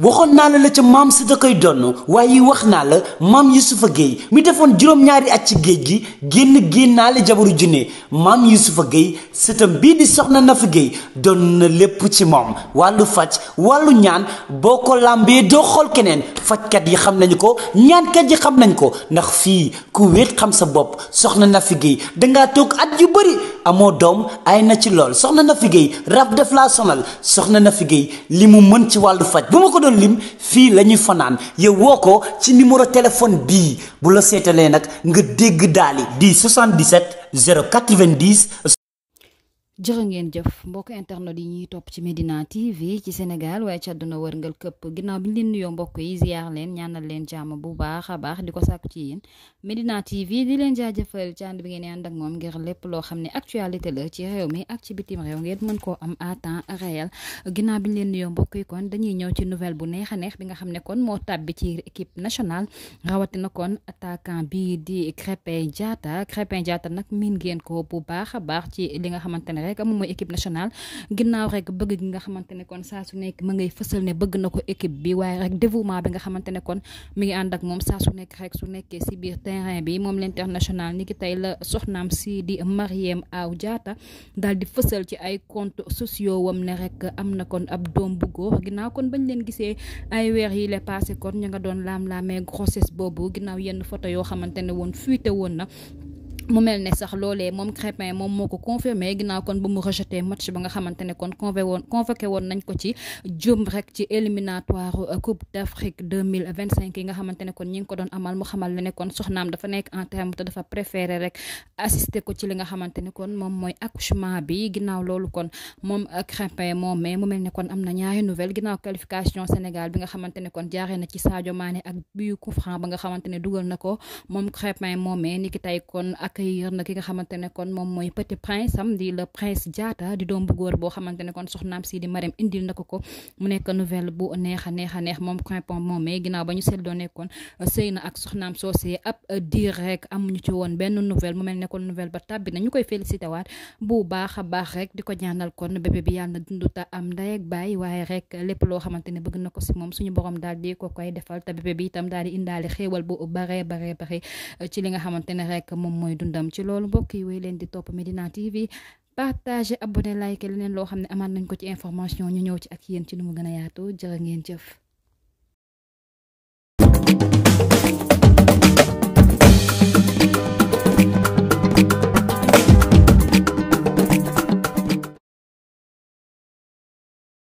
waxoon naa la la ca maam si da koy donn waaye wax naa la maam yusufa géey mi defoon juróom-ñaari at ci géej gi génn génnaale jabaru junne maam yusufa géey sëtam bii di soxna nafi géey doon na lépp ci moom wàllu faj wàllu ñaan boo ko làmbee doo xool keneen fajkat yi xam nañu ko ñaankat yi xam nañu ko ndax fii ku wéet xam sa bopp soxna Nafi Guèye dangaa toog at yu bëri amoo doom ay na ci lool soxna Nafi Guèye rab def laa sonal soxna Nafi Guèye li mu mën ci wàllu faj bu ma ko doon lim fii la ñuy fanaan yow woo ko ci numéro téléphone bii bu la seetalee nag nga dégg daali di 77 090 jërë ngeen jëf mbokk internet yi ñuy topp ci Medina TV ci Sénégal waaye ci àdduna wërngal këpp ginnaaw bi ñu leen nuyoo mbokk yi ziar leen ñaanal leen jàmm bu baax a baax di ko sàkku ci yéen Medina TV di leen jaajëfal ci bi ngeen ànd ak moom ngir lépp loo xam ne actualité la ci réew mi ak ci bitim réew ngeen mën koo am à réel ginnaaw bi ñu leen nuyoo mbokk yi kon dañuy ñëw ci nouvelle bu neex a neex bi nga xam ne kon moo tàbbi ci équipe nationale a rek moom mooy équipe nationale ginnaaw rek bëgg gi nga xamante ne kon saa su nekk ma ngay fësal ne bëgg na ko équipe bi waaye rek dévouement bi nga xamante ne kon mi ngi ànd ak moom saa su nekk rek su nekkee si biir terrain bi moom l'international ni ki tey la soxnaam si di Mariem Aw Diatta dal di fësal ci ay compte sociaux wam ne rek am na kon ab doom bu góor ginnaaw kon bañ leen gisee ay weer yi la passé kon ñu nga doon laam-laamee grossesse boobu ginnaaw yenn photo yoo xamante ne woon fuité woon na mu mel ne sax loolee moom Crépin moom moo nga xamante ne kon convoqué woon convoqué woon nañ ko ci jëm rek ci éliminatoire euh, Coupe d'Afrique 2025 kon ñi ngi ko doon amal mu xamal la kon soxnaam dafa nekk en terme te ne kon moom mooy accouchement bi ginnaaw loolu kon moom euh, Crépin moom mais mu mel bi nga xamante ne kon jaaree na ci Sadio Mané ak biu coup franc ba na kon ak accueillir na ki nga xamante ne kon moom mooy petit prince am di le prince Diatta di doom bu boo xamante ne kon soxnaam si di Marème indil na ko mu nekk nouvelle bu neex a neex a neex moom Krimpong moomee euh, na ak soxnaam soosee ab euh, diir rek amuñu mu mel ne kon nouvelle ba tàbbi na ñu koy félicité waat bu baax a ko ñaanal kon bébé bi na dund ta am ndey ak baay waaye rek lépp loo xamante ne bëgg na si moom suñu borom daal di ko koy defal te bébé bi itam daal di indaale xéewal bu bare bare bare euh, ci li nga xamante rek moom mooy dundam ci loolu mbokk yi wéy leen di topp Medina TV partager abonné like leneen loo xam ne amaat ko ci information ñu ñëw ci ak yéen ci nu mu yaatu jërë ngeen